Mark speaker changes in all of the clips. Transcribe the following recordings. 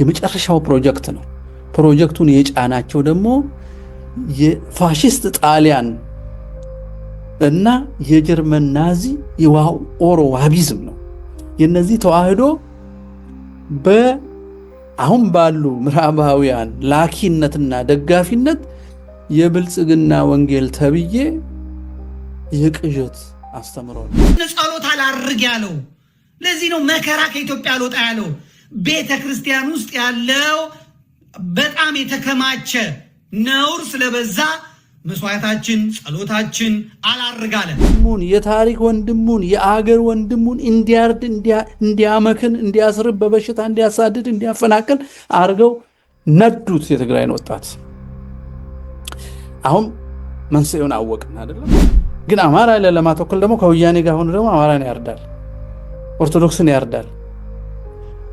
Speaker 1: የመጨረሻው ፕሮጀክት ነው። ፕሮጀክቱን የጫናቸው ደግሞ የፋሽስት ጣሊያን እና የጀርመን ናዚ የኦሮ ዋቢዝም ነው። የነዚህ ተዋህዶ በአሁን ባሉ ምዕራባውያን ላኪነትና ደጋፊነት የብልጽግና ወንጌል ተብዬ የቅዠት አስተምሯል።
Speaker 2: ጸሎት አላርግ ያለው ለዚህ ነው። መከራ ከኢትዮጵያ አልወጣ ያለው ቤተ ክርስቲያን ውስጥ ያለው በጣም የተከማቸ ነውር ስለበዛ መስዋዕታችን፣ ጸሎታችን አላርጋለን።
Speaker 1: ወንድሙን የታሪክ ወንድሙን የአገር ወንድሙን እንዲያርድ፣ እንዲያመክን፣ እንዲያስርብ፣ በበሽታ እንዲያሳድድ፣ እንዲያፈናቅል አድርገው ነዱት የትግራይን ወጣት። አሁን መንስኤውን አወቅን አይደለም። ግን አማራ ለማተኮል ደግሞ ከወያኔ ጋር ሆኑ ደግሞ አማራን ያርዳል፣ ኦርቶዶክስን ያርዳል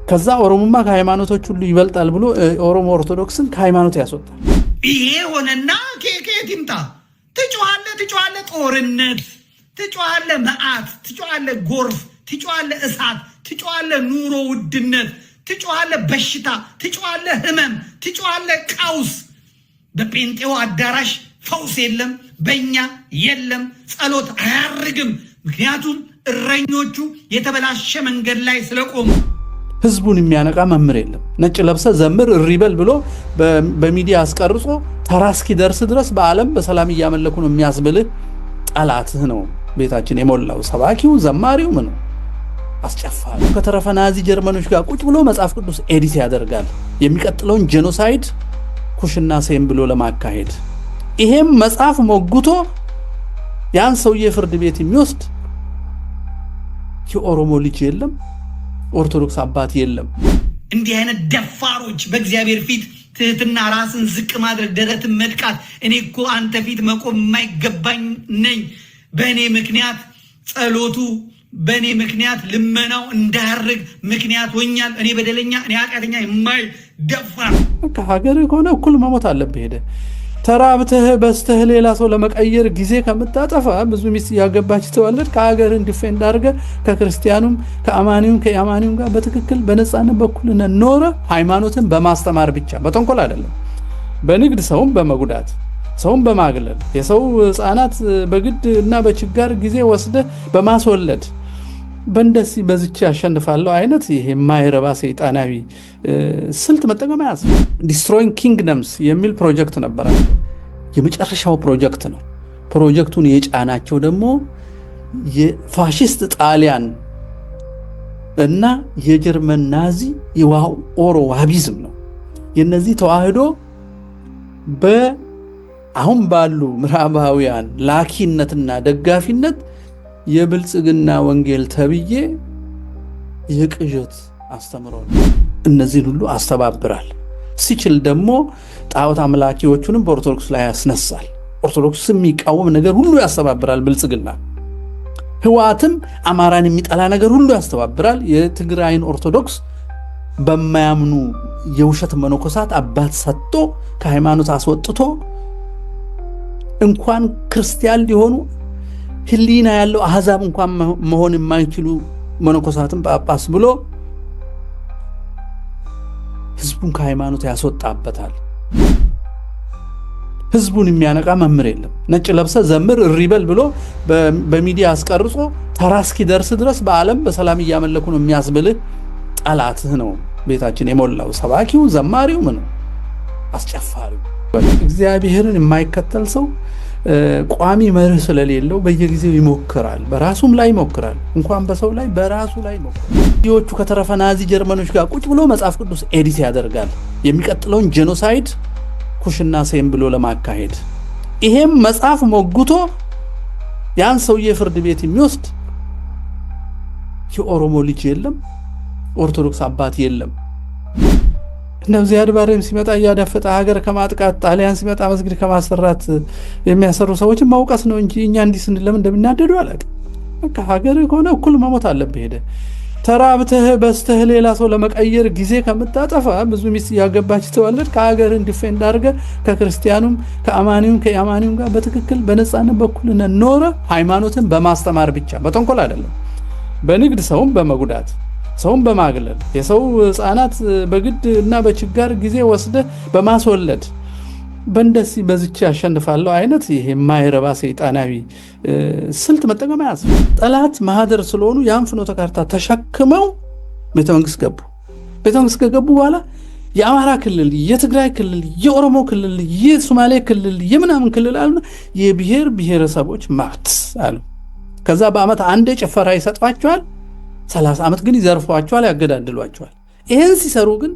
Speaker 1: ከዛ ኦሮሞማ ከሃይማኖቶች ሁሉ ይበልጣል ብሎ ኦሮሞ ኦርቶዶክስን ከሃይማኖት ያስወጣል።
Speaker 2: ይሄ ሆነና ከየት ይምጣ? ትጮኋለ፣ ትጮኋለ ጦርነት፣ መዓት፣ ትጮኋለ ጎርፍ፣ ትጮኋለ እሳት፣ ትጮኋለ ኑሮ ውድነት፣ ትጮኋለ በሽታ፣ ትጮኋለ ህመም፣ ትጮኋለ ቀውስ። በጴንጤው አዳራሽ ፈውስ የለም፣ በእኛ የለም። ጸሎት አያርግም። ምክንያቱም እረኞቹ የተበላሸ መንገድ ላይ ስለቆሙ
Speaker 1: ህዝቡን የሚያነቃ መምህር የለም። ነጭ ለብሰ ዘምር እሪበል ብሎ በሚዲያ አስቀርጾ ተራ እስኪደርስ ድረስ በዓለም በሰላም እያመለኩ ነው የሚያስብልህ ጠላትህ ነው። ቤታችን የሞላው ሰባኪው ዘማሪው ምን አስጨፋሉ። ከተረፈ ናዚ ጀርመኖች ጋር ቁጭ ብሎ መጽሐፍ ቅዱስ ኤዲት ያደርጋል የሚቀጥለውን ጄኖሳይድ ኩሽና ሴም ብሎ ለማካሄድ ይሄም መጽሐፍ ሞግቶ ያን ሰውዬ ፍርድ ቤት የሚወስድ የኦሮሞ ልጅ የለም። ኦርቶዶክስ አባት የለም።
Speaker 2: እንዲህ አይነት ደፋሮች በእግዚአብሔር ፊት ትህትና፣ ራስን ዝቅ ማድረግ፣ ደረትን መጥቃት፣ እኔ እኮ አንተ ፊት መቆም የማይገባኝ ነኝ፣ በእኔ ምክንያት ጸሎቱ በእኔ ምክንያት ልመናው እንዳያርግ ምክንያት ወኛል፣ እኔ በደለኛ፣ እኔ ኃጢአተኛ የማይደፋ
Speaker 1: በቃ ሀገር ከሆነ እኩል መሞት አለብህ ሄደ ተራብተህ በስተህ ሌላ ሰው ለመቀየር ጊዜ ከምታጠፋ ብዙ ሚስት እያገባች ተወለድ ከሀገር ዲፌንድ አድርገህ ከክርስቲያኑም ከአማኒውም ከአማኒውም ጋር በትክክል በነፃነት በኩልነት ኖረ። ሃይማኖትን በማስተማር ብቻ በተንኮል አይደለም። በንግድ ሰውም በመጉዳት ሰውን በማግለል የሰው ህፃናት በግድ እና በችጋር ጊዜ ወስደህ በማስወለድ በእንደዚህ በዝች ያሸንፋለሁ አይነት ይሄ የማይረባ ሰይጣናዊ ስልት መጠቀም ያዝ ዲስትሮይንግ ኪንግደምስ የሚል ፕሮጀክት ነበረ። የመጨረሻው ፕሮጀክት ነው። ፕሮጀክቱን የጫናቸው ደግሞ የፋሽስት ጣሊያን እና የጀርመን ናዚ የኦሮ ዋቢዝም ነው። የነዚህ ተዋህዶ በአሁን ባሉ ምዕራባውያን ላኪነትና ደጋፊነት የብልጽግና ወንጌል ተብዬ የቅዠት አስተምሮ እነዚህን ሁሉ አስተባብራል። ሲችል ደግሞ ጣዖት አምላኪዎቹንም በኦርቶዶክስ ላይ ያስነሳል። ኦርቶዶክስ የሚቃወም ነገር ሁሉ ያስተባብራል። ብልጽግና ህወሓትም አማራን የሚጠላ ነገር ሁሉ ያስተባብራል። የትግራይን ኦርቶዶክስ በማያምኑ የውሸት መነኮሳት አባት ሰጥቶ ከሃይማኖት አስወጥቶ እንኳን ክርስቲያን ሊሆኑ ህሊና ያለው አህዛብ እንኳን መሆን የማይችሉ መነኮሳትን ጳጳስ ብሎ ህዝቡን ከሃይማኖት ያስወጣበታል። ህዝቡን የሚያነቃ መምህር የለም። ነጭ ለብሰ ዘምር እሪበል ብሎ በሚዲያ አስቀርጾ ተራ እስኪደርስ ድረስ በዓለም በሰላም እያመለኩ ነው የሚያስብልህ ጠላትህ ነው። ቤታችን የሞላው ሰባኪው ዘማሪው፣ ምን አስጨፋሪው። እግዚአብሔርን የማይከተል ሰው ቋሚ መርህ ስለሌለው በየጊዜው ይሞክራል። በራሱም ላይ ይሞክራል፣ እንኳን በሰው ላይ በራሱ ላይ ይሞክራል። ዎቹ ከተረፈ ናዚ ጀርመኖች ጋር ቁጭ ብሎ መጽሐፍ ቅዱስ ኤዲት ያደርጋል የሚቀጥለውን ጄኖሳይድ ኩሽና ሴም ብሎ ለማካሄድ ይሄም መጽሐፍ ሞግቶ ያን ሰውዬ ፍርድ ቤት የሚወስድ የኦሮሞ ልጅ የለም፣ ኦርቶዶክስ አባት የለም። እንደው ዚያድ ባሬም ሲመጣ እያዳፈጠ ሀገር ከማጥቃት ጣሊያን ሲመጣ መስጊድ ከማሰራት የሚያሰሩ ሰዎችን ማውቀስ ነው እንጂ እኛ እንዲህ ስንል ለምን እንደሚናደዱ አላውቅም። በቃ ሀገር ከሆነ እኩል መሞት አለብህ ሄደ ተራብተህ በስተህ ሌላ ሰው ለመቀየር ጊዜ ከምታጠፋ ብዙ ሚስት እያገባች ተወለድ ከሀገር እንዲፌንድ አድርገህ ከክርስቲያኑም ከአማኒውም ከያማኒውም ጋር በትክክል በነፃነት በኩልነት ኖረ ሃይማኖትን በማስተማር ብቻ በተንኮል አይደለም፣ በንግድ ሰውም በመጉዳት ሰውን በማግለል የሰው ህፃናት በግድ እና በችጋር ጊዜ ወስደ በማስወለድ በእንደዚህ በዝች ያሸንፋለው አይነት ይሄ የማይረባ ሰይጣናዊ ስልት መጠቀም ያዝ ጠላት ማህደር ስለሆኑ ያን ፍኖተ ካርታ ተሸክመው ቤተመንግስት ገቡ። ቤተመንግስት ከገቡ በኋላ የአማራ ክልል፣ የትግራይ ክልል፣ የኦሮሞ ክልል፣ የሶማሌ ክልል፣ የምናምን ክልል አሉና የብሔር ብሔረሰቦች ማት አሉ። ከዛ በአመት አንዴ ጭፈራ ይሰጥፋቸዋል ሰላሳ ዓመት ግን ይዘርፏቸዋል፣ ያገዳድሏቸዋል። ይህን ሲሰሩ ግን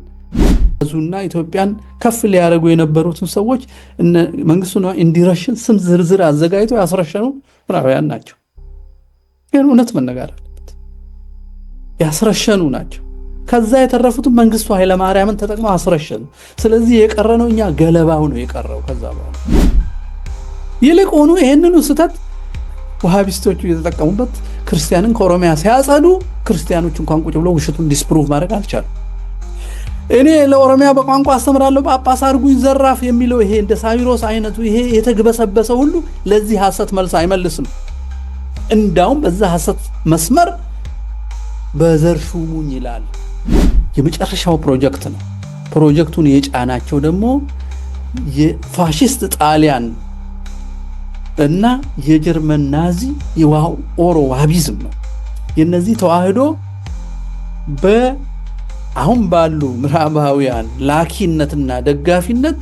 Speaker 1: ዙና ኢትዮጵያን ከፍ ሊያደርጉ የነበሩትን ሰዎች መንግስቱ ኢንዲረሽን ስም ዝርዝር አዘጋጅቶ ያስረሸኑ ምዕራባውያን ናቸው። ይህን እውነት መነጋር አለበት። ያስረሸኑ ናቸው። ከዛ የተረፉትም መንግስቱ ኃይለማርያምን ተጠቅመው አስረሸኑ። ስለዚህ የቀረ ነው እኛ ገለባው ነው የቀረው። ከዛ በኋላ ይልቅ ሆኑ ይህንኑ ስህተት ውሃቢስቶቹ የተጠቀሙበት ክርስቲያንን ከኦሮሚያ ሲያጸዱ ክርስቲያኖች እንኳን ቁጭ ብሎ ውሸቱን ዲስፕሩቭ ማድረግ አልቻሉ። እኔ ለኦሮሚያ በቋንቋ አስተምራለሁ ጳጳስ አድርጉኝ ዘራፍ የሚለው ይሄ እንደ ሳዊሮስ አይነቱ ይሄ የተግበሰበሰ ሁሉ ለዚህ ሐሰት መልስ አይመልስም። እንዳውም በዛ ሐሰት መስመር በዘር ሹሙኝ ይላል። የመጨረሻው ፕሮጀክት ነው። ፕሮጀክቱን የጫናቸው ደግሞ የፋሽስት ጣሊያን እና የጀርመን ናዚ የኦሮ ዋቢዝም ነው። የነዚህ ተዋህዶ በአሁን ባሉ ምዕራባውያን ላኪነትና ደጋፊነት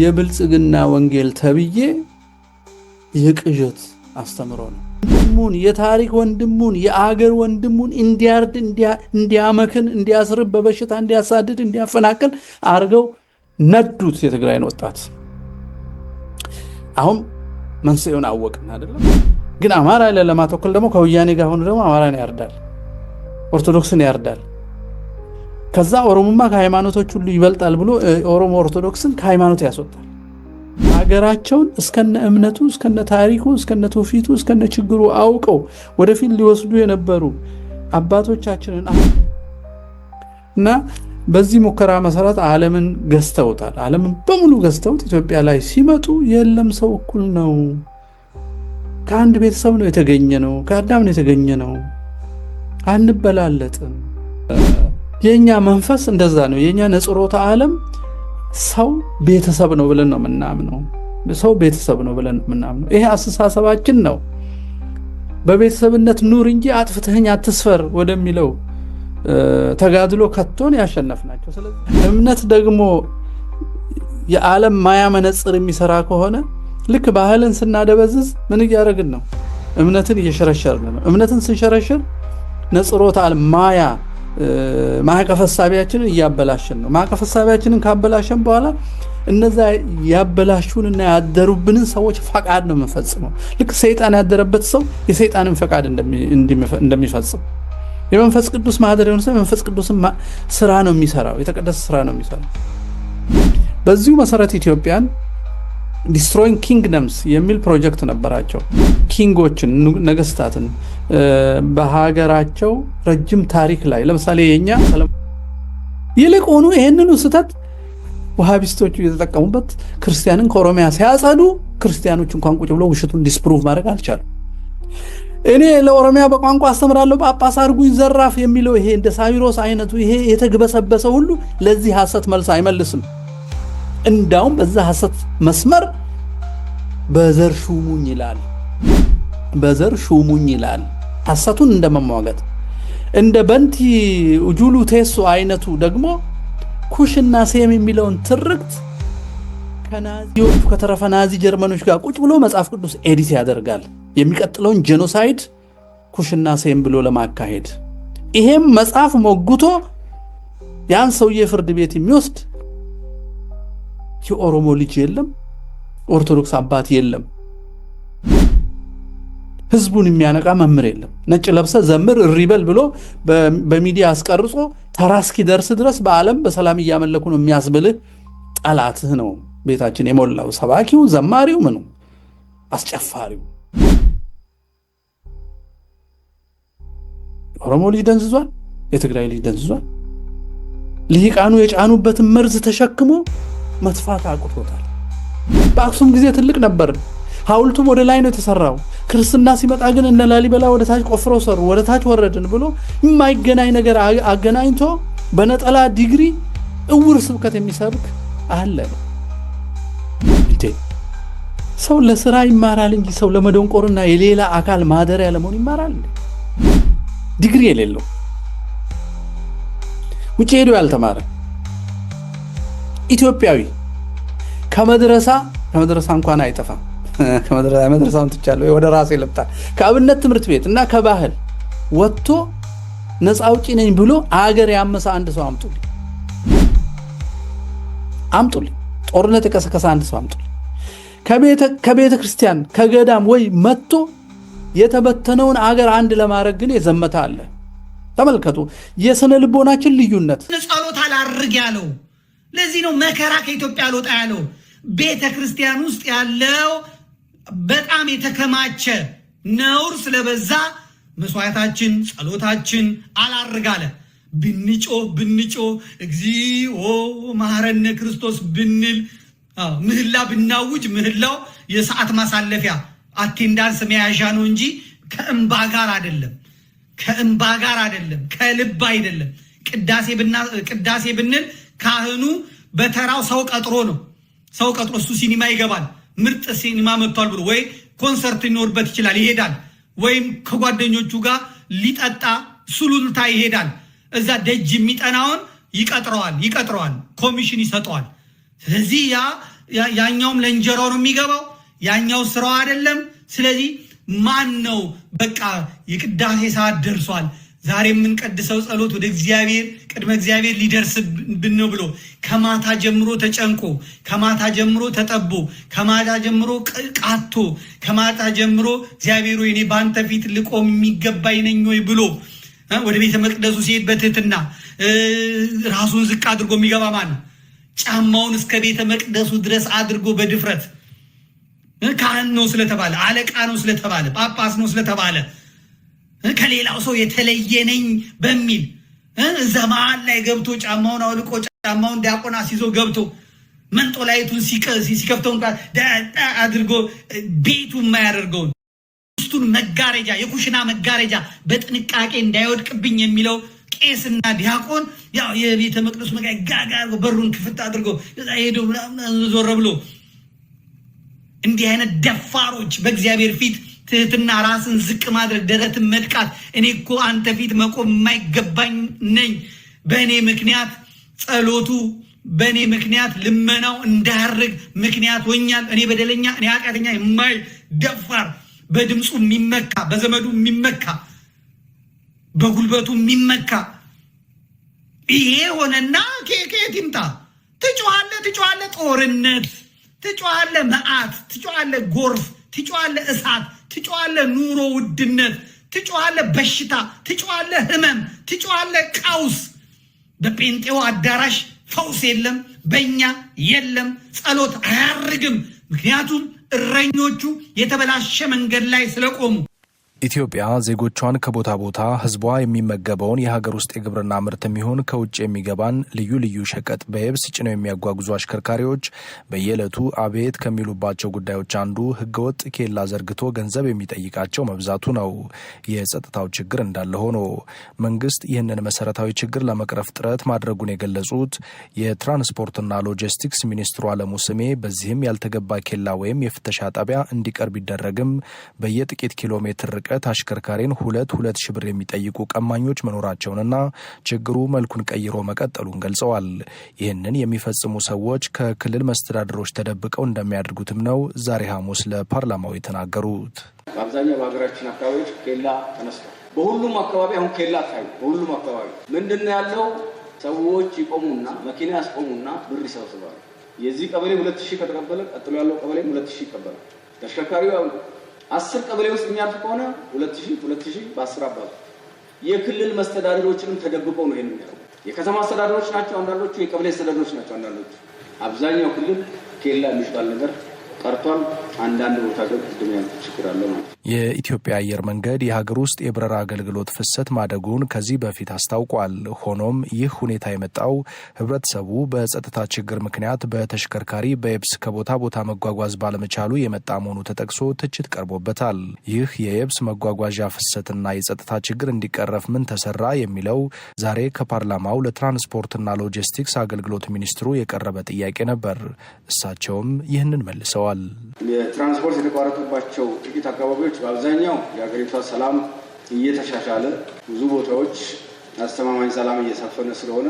Speaker 1: የብልጽግና ወንጌል ተብዬ የቅዠት አስተምሮ ነው። ወንድሙን የታሪክ ወንድሙን የአገር ወንድሙን እንዲያርድ እንዲያመክን፣ እንዲያስርብ፣ በበሽታ እንዲያሳድድ፣ እንዲያፈናቅል አድርገው ነዱት የትግራይን ወጣት አሁን መንስኤውን አወቅን አይደለም። ግን አማራ ላይ ለማተኮል ደግሞ ከወያኔ ጋር ሆኖ ደግሞ አማራን ያርዳል፣ ኦርቶዶክስን ያርዳል። ከዛ ኦሮሞማ ከሃይማኖቶች ሁሉ ይበልጣል ብሎ ኦሮሞ ኦርቶዶክስን ከሃይማኖት ያስወጣል። ሀገራቸውን እስከነ እምነቱ እስከነ ታሪኩ እስከነ ትውፊቱ እስከነ ችግሩ አውቀው ወደፊት ሊወስዱ የነበሩ አባቶቻችንን እና በዚህ ሙከራ መሰረት ዓለምን ገዝተውታል። ዓለምን በሙሉ ገዝተውት ኢትዮጵያ ላይ ሲመጡ የለም ሰው እኩል ነው፣ ከአንድ ቤተሰብ ነው የተገኘ ነው፣ ከአዳም ነው የተገኘ ነው፣ አንበላለጥም። የእኛ መንፈስ እንደዛ ነው። የእኛ ነጽሮተ ዓለም ሰው ቤተሰብ ነው ብለን ነው የምናምነው። ሰው ቤተሰብ ነው ብለን የምናምነው። ይሄ አስተሳሰባችን ነው። በቤተሰብነት ኑር እንጂ አጥፍትህኝ አትስፈር ወደሚለው ተጋድሎ ከቶን ያሸነፍ ናቸው። ስለዚህ እምነት ደግሞ የዓለም ማያ መነጽር የሚሰራ ከሆነ ልክ ባህልን ስናደበዝዝ ምን እያደረግን ነው? እምነትን እየሸረሸርን ነው። እምነትን ስንሸረሽር ነጽሮታል ማያ ማቀፈሳቢያችንን እያበላሽን እያበላሸን ነው። ማዕቀፈ ካበላሸን በኋላ እነዛ ያበላሹን እና ያደሩብንን ሰዎች ፈቃድ ነው የምንፈጽመው። ልክ ሰይጣን ያደረበት ሰው የሰይጣንን ፈቃድ እንደሚፈጽም የመንፈስ ቅዱስ ማህደር የሆነ ሰው የመንፈስ ቅዱስ ስራ ነው የሚሰራው፣ የተቀደሰ ስራ ነው የሚሰራው። በዚሁ መሰረት ኢትዮጵያን ዲስትሮይንግ ኪንግደምስ የሚል ፕሮጀክት ነበራቸው። ኪንጎችን፣ ነገስታትን በሀገራቸው ረጅም ታሪክ ላይ ለምሳሌ የኛ ይልቅ ሆኑ ይህንኑ ስህተት ውሃቢስቶቹ እየተጠቀሙበት ክርስቲያንን ከኦሮሚያ ሲያጸዱ ክርስቲያኖች እንኳን ቁጭ ብሎ ውሸቱን ዲስፕሩቭ ማድረግ አልቻሉም። እኔ ለኦሮሚያ በቋንቋ አስተምራለሁ ጳጳስ አድርጉኝ ዘራፍ የሚለው ይሄ እንደ ሳዊሮስ አይነቱ ይሄ የተግበሰበሰ ሁሉ ለዚህ ሐሰት መልስ አይመልስም። እንዳውም በዛ ሐሰት መስመር በዘር ሹሙኝ ይላል፣ በዘር ሹሙኝ ይላል። ሐሰቱን እንደመሟገት እንደ በንቲ ጁሉ ቴሶ አይነቱ ደግሞ ኩሽና ሴም የሚለውን ትርክት ከናዚዎቹ ከተረፈ ናዚ ጀርመኖች ጋር ቁጭ ብሎ መጽሐፍ ቅዱስ ኤዲት ያደርጋል። የሚቀጥለውን ጄኖሳይድ ኩሽና ሴም ብሎ ለማካሄድ ይሄም መጽሐፍ ሞግቶ ያን ሰውዬ ፍርድ ቤት የሚወስድ የኦሮሞ ልጅ የለም፣ ኦርቶዶክስ አባት የለም፣ ህዝቡን የሚያነቃ መምህር የለም። ነጭ ለብሰ ዘምር እሪበል ብሎ በሚዲያ አስቀርጾ ተራ እስኪደርስ ድረስ በዓለም በሰላም እያመለኩ ነው የሚያስብልህ ጠላትህ ነው ቤታችን የሞላው ሰባኪው፣ ዘማሪው፣ ምኑ አስጨፋሪው የኦሮሞ ልጅ ደንዝዟል፣ የትግራይ ልጅ ደንዝዟል። ልሂቃኑ የጫኑበትን መርዝ ተሸክሞ መጥፋት አቁቶታል። በአክሱም ጊዜ ትልቅ ነበር። ሐውልቱም ወደ ላይ ነው የተሰራው። ክርስትና ሲመጣ ግን እነ ላሊበላ ወደ ታች ቆፍረው ሰሩ፣ ወደ ታች ወረድን ብሎ የማይገናኝ ነገር አገናኝቶ በነጠላ ዲግሪ እውር ስብከት የሚሰብክ አለ ነው። ሰው ለስራ ይማራል እንጂ ሰው ለመደንቆርና የሌላ አካል ማደሪያ ለመሆን ይማራል። ዲግሪ የሌለው ውጭ ሄዶ ያልተማረ ኢትዮጵያዊ ከመድረሳ ከመድረሳ እንኳን አይጠፋም። መድረሳውን ትቻለሁ ወደ ራሴ ልምጣ። ከአብነት ትምህርት ቤት እና ከባህል ወጥቶ ነፃ አውጪ ነኝ ብሎ አገር ያመሰ አንድ ሰው አምጡልኝ፣ አምጡልኝ። ጦርነት የቀሰቀሰ አንድ ሰው አምጡልኝ። ከቤተ ክርስቲያን ከገዳም ወይ መጥቶ የተበተነውን አገር አንድ ለማድረግ ግን የዘመተ አለ። ተመልከቱ የስነ ልቦናችን ልዩነት።
Speaker 2: ጸሎት አላርግ ያለው ለዚህ ነው። መከራ ከኢትዮጵያ አልወጣ ያለው ቤተ ክርስቲያን ውስጥ ያለው በጣም የተከማቸ ነውር ስለበዛ መስዋዕታችን፣ ጸሎታችን አላርግ አለ። ብንጮ ብንጮ እግዚኦ ማረነ ክርስቶስ ብንል ምህላ ብናውጅ ምህላው የሰዓት ማሳለፊያ አቴንዳንስ መያዣ ነው እንጂ ከእንባ ጋር አይደለም። ከእምባ ጋር አይደለም። ከልብ አይደለም። ቅዳሴ ብንል ካህኑ በተራው ሰው ቀጥሮ ነው። ሰው ቀጥሮ እሱ ሲኒማ ይገባል። ምርጥ ሲኒማ መጥቷል ብሎ ወይ ኮንሰርት ሊኖርበት ይችላል፣ ይሄዳል። ወይም ከጓደኞቹ ጋር ሊጠጣ ሱሉልታ ይሄዳል። እዛ ደጅ የሚጠናውን ይቀጥረዋል ይቀጥረዋል፣ ኮሚሽን ይሰጠዋል። ስለዚህ ያ ያኛውም ለእንጀራው ነው የሚገባው ያኛው ስራው አይደለም። ስለዚህ ማን ነው? በቃ የቅዳሴ ሰዓት ደርሷል። ዛሬ የምንቀድሰው ጸሎት ወደ እግዚአብሔር ቅድመ እግዚአብሔር ሊደርስብን ነው ብሎ ከማታ ጀምሮ ተጨንቆ ከማታ ጀምሮ ተጠቦ ከማታ ጀምሮ ቃቶ ከማታ ጀምሮ እግዚአብሔር ወይ እኔ በአንተ ፊት ልቆም የሚገባኝ ነኝ ወይ ብሎ ወደ ቤተ መቅደሱ ሲሄድ በትህትና ራሱን ዝቅ አድርጎ የሚገባ ማን ነው? ጫማውን እስከ ቤተ መቅደሱ ድረስ አድርጎ በድፍረት ካህን ነው ስለተባለ፣ አለቃ ነው ስለተባለ፣ ጳጳስ ነው ስለተባለ ከሌላው ሰው የተለየ ነኝ በሚል እዛ መሀል ላይ ገብቶ ጫማውን አውልቆ ጫማውን ዲያቆን ሲዞ ገብቶ መንጦላይቱን ሲከፍተውን አድርጎ ቤቱ የማያደርገውን ውስጡን መጋረጃ የኩሽና መጋረጃ በጥንቃቄ እንዳይወድቅብኝ የሚለው ቄስና ዲያቆን ያው የቤተ መቅደሱ መጋ ጋር በሩን ክፍት አድርጎ ሄዶ ዞረ ብሎ እንዲህ አይነት ደፋሮች በእግዚአብሔር ፊት ትህትና፣ ራስን ዝቅ ማድረግ፣ ደረትን መጥቃት፣ እኔ እኮ አንተ ፊት መቆም የማይገባኝ ነኝ፣ በእኔ ምክንያት ጸሎቱ በእኔ ምክንያት ልመናው እንዳያርግ ምክንያት ወኛል፣ እኔ በደለኛ፣ እኔ ኃጢአተኛ የማይ ደፋር፣ በድምፁ የሚመካ በዘመዱ የሚመካ በጉልበቱ የሚመካ ይሄ ሆነና ከየት ይምጣ? ትጮሃለህ፣ ትጮሃለህ ጦርነት ትጮሃለ መዓት፣ ትጮሃለ ጎርፍ፣ ትጮሃለ እሳት፣ ትጮሃለ ኑሮ ውድነት፣ ትጮሃለ በሽታ፣ ትጮሃለ ህመም፣ ትጮሃለ ቀውስ። በጴንጤው አዳራሽ ፈውስ የለም፣ በእኛ የለም። ጸሎት አያርግም። ምክንያቱም እረኞቹ የተበላሸ መንገድ ላይ ስለቆሙ
Speaker 3: ኢትዮጵያ ዜጎቿን ከቦታ ቦታ ህዝቧ የሚመገበውን የሀገር ውስጥ የግብርና ምርት የሚሆን ከውጭ የሚገባን ልዩ ልዩ ሸቀጥ በየብስ ጭነው የሚያጓጉዙ አሽከርካሪዎች በየዕለቱ አቤት ከሚሉባቸው ጉዳዮች አንዱ ህገወጥ ኬላ ዘርግቶ ገንዘብ የሚጠይቃቸው መብዛቱ ነው። የጸጥታው ችግር እንዳለ ሆኖ መንግስት ይህንን መሰረታዊ ችግር ለመቅረፍ ጥረት ማድረጉን የገለጹት የትራንስፖርትና ሎጂስቲክስ ሚኒስትሩ አለሙ ስሜ፣ በዚህም ያልተገባ ኬላ ወይም የፍተሻ ጣቢያ እንዲቀርብ ቢደረግም በየጥቂት ኪሎ ሜትር ርቀት አሽከርካሪን ሁለት ሁለት ሺህ ብር የሚጠይቁ ቀማኞች መኖራቸውንና ችግሩ መልኩን ቀይሮ መቀጠሉን ገልጸዋል። ይህንን የሚፈጽሙ ሰዎች ከክልል መስተዳድሮች ተደብቀው እንደሚያደርጉትም ነው ዛሬ ሐሙስ ለፓርላማው የተናገሩት።
Speaker 4: በአብዛኛው በሀገራችን አካባቢዎች ኬላ ተነስቷል። በሁሉም አካባቢ አሁን ኬላ ታዩ። በሁሉም አካባቢ ምንድን ነው ያለው? ሰዎች ይቆሙና መኪና ያስቆሙና ብር ይሰብስባሉ። የዚህ ቀበሌ ሁለት ሺህ ከተቀበለ ቀጥሎ ያለው ቀበሌ ሁለት ሺህ ይቀበላል። ተሽከርካሪው አስር ቀበሌ ውስጥ የሚያልፍ ከሆነ ሁለት ሺህ ሁለት ሺህ በአስር አባዙ። የክልል መስተዳደሮችንም ተደብቀው ነው ይሄን የሚያደርጉ። የከተማ አስተዳደሮች ናቸው አንዳንዶቹ፣ የቀበሌ አስተዳደሮች ናቸው አንዳንዶቹ። አብዛኛው ክልል ኬላ የሚባል ነገር ቀርቷል። አንዳንድ ቦታ ግን ቅድም ያልኩት ችግር አለ ማለት ነው።
Speaker 3: የኢትዮጵያ አየር መንገድ የሀገር ውስጥ የበረራ አገልግሎት ፍሰት ማደጉን ከዚህ በፊት አስታውቋል። ሆኖም ይህ ሁኔታ የመጣው ህብረተሰቡ በጸጥታ ችግር ምክንያት በተሽከርካሪ በየብስ ከቦታ ቦታ መጓጓዝ ባለመቻሉ የመጣ መሆኑ ተጠቅሶ ትችት ቀርቦበታል። ይህ የየብስ መጓጓዣ ፍሰትና የጸጥታ ችግር እንዲቀረፍ ምን ተሰራ የሚለው ዛሬ ከፓርላማው ለትራንስፖርትና ሎጂስቲክስ አገልግሎት ሚኒስትሩ የቀረበ ጥያቄ ነበር። እሳቸውም ይህንን መልሰዋል።
Speaker 4: የትራንስፖርት የተቋረጠባቸው ጥቂት አካባቢዎች በአብዛኛው የሀገሪቷ ሰላም እየተሻሻለ ብዙ ቦታዎች አስተማማኝ ሰላም እየሰፈነ ስለሆነ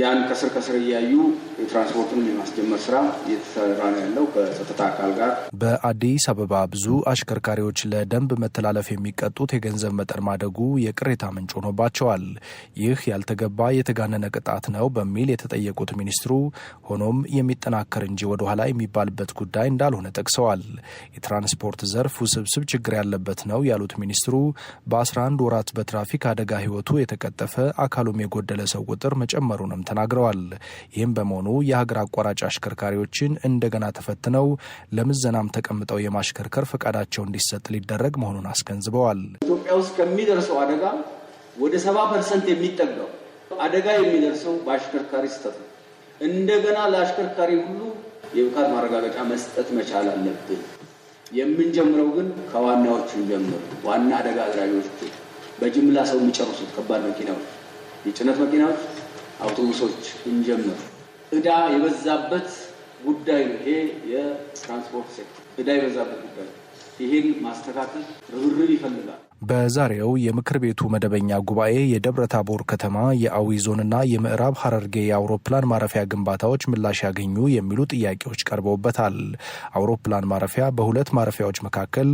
Speaker 4: ያን ከስር ከስር እያዩ የትራንስፖርቱን የማስጀመር ስራ እየተሰራ ነው ያለው ከጸጥታ አካል ጋር።
Speaker 3: በአዲስ አበባ ብዙ አሽከርካሪዎች ለደንብ መተላለፍ የሚቀጡት የገንዘብ መጠን ማደጉ የቅሬታ ምንጭ ሆኖባቸዋል። ይህ ያልተገባ የተጋነነ ቅጣት ነው በሚል የተጠየቁት ሚኒስትሩ ሆኖም የሚጠናከር እንጂ ወደ ኋላ የሚባልበት ጉዳይ እንዳልሆነ ጠቅሰዋል። የትራንስፖርት ዘርፍ ውስብስብ ችግር ያለበት ነው ያሉት ሚኒስትሩ በ11 ወራት በትራፊክ አደጋ ህይወቱ የተቀጠፈ አካሉም የጎደለ ሰው ቁጥር መጨመሩ ነው። እንደሆነም ተናግረዋል። ይህም በመሆኑ የሀገር አቋራጭ አሽከርካሪዎችን እንደገና ተፈትነው ለምዘናም ተቀምጠው የማሽከርከር ፈቃዳቸው እንዲሰጥ ሊደረግ መሆኑን አስገንዝበዋል።
Speaker 4: ኢትዮጵያ ውስጥ ከሚደርሰው አደጋ ወደ ሰባ ፐርሰንት የሚጠጋው አደጋ የሚደርሰው በአሽከርካሪ ስህተት ነው። እንደገና ለአሽከርካሪ ሁሉ የብቃት ማረጋገጫ መስጠት መቻል አለብን። የምንጀምረው ግን ከዋናዎቹ ጀምር። ዋና አደጋ አድራጊዎቹ፣ በጅምላ ሰው የሚጨርሱት ከባድ መኪናዎች፣ የጭነት መኪናዎች አውቶቡሶች እንጀምር። እዳ የበዛበት ጉዳይ ነው። ይሄ የትራንስፖርት ሴክተር እዳ የበዛበት ጉዳይ ነው። ይህን ማስተካከል ርብርብ ይፈልጋል።
Speaker 3: በዛሬው የምክር ቤቱ መደበኛ ጉባኤ የደብረ ታቦር ከተማ የአዊ ዞንና የምዕራብ ሐረርጌ የአውሮፕላን ማረፊያ ግንባታዎች ምላሽ ያገኙ የሚሉ ጥያቄዎች ቀርበውበታል። አውሮፕላን ማረፊያ በሁለት ማረፊያዎች መካከል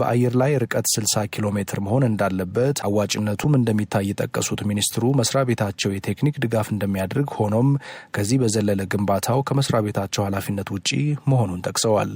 Speaker 3: በአየር ላይ ርቀት 60 ኪሎ ሜትር መሆን እንዳለበት፣ አዋጭነቱም እንደሚታይ የጠቀሱት ሚኒስትሩ መስሪያ ቤታቸው የቴክኒክ ድጋፍ እንደሚያደርግ፣ ሆኖም ከዚህ በዘለለ ግንባታው ከመስሪያ ቤታቸው ኃላፊነት ውጪ መሆኑን ጠቅሰዋል።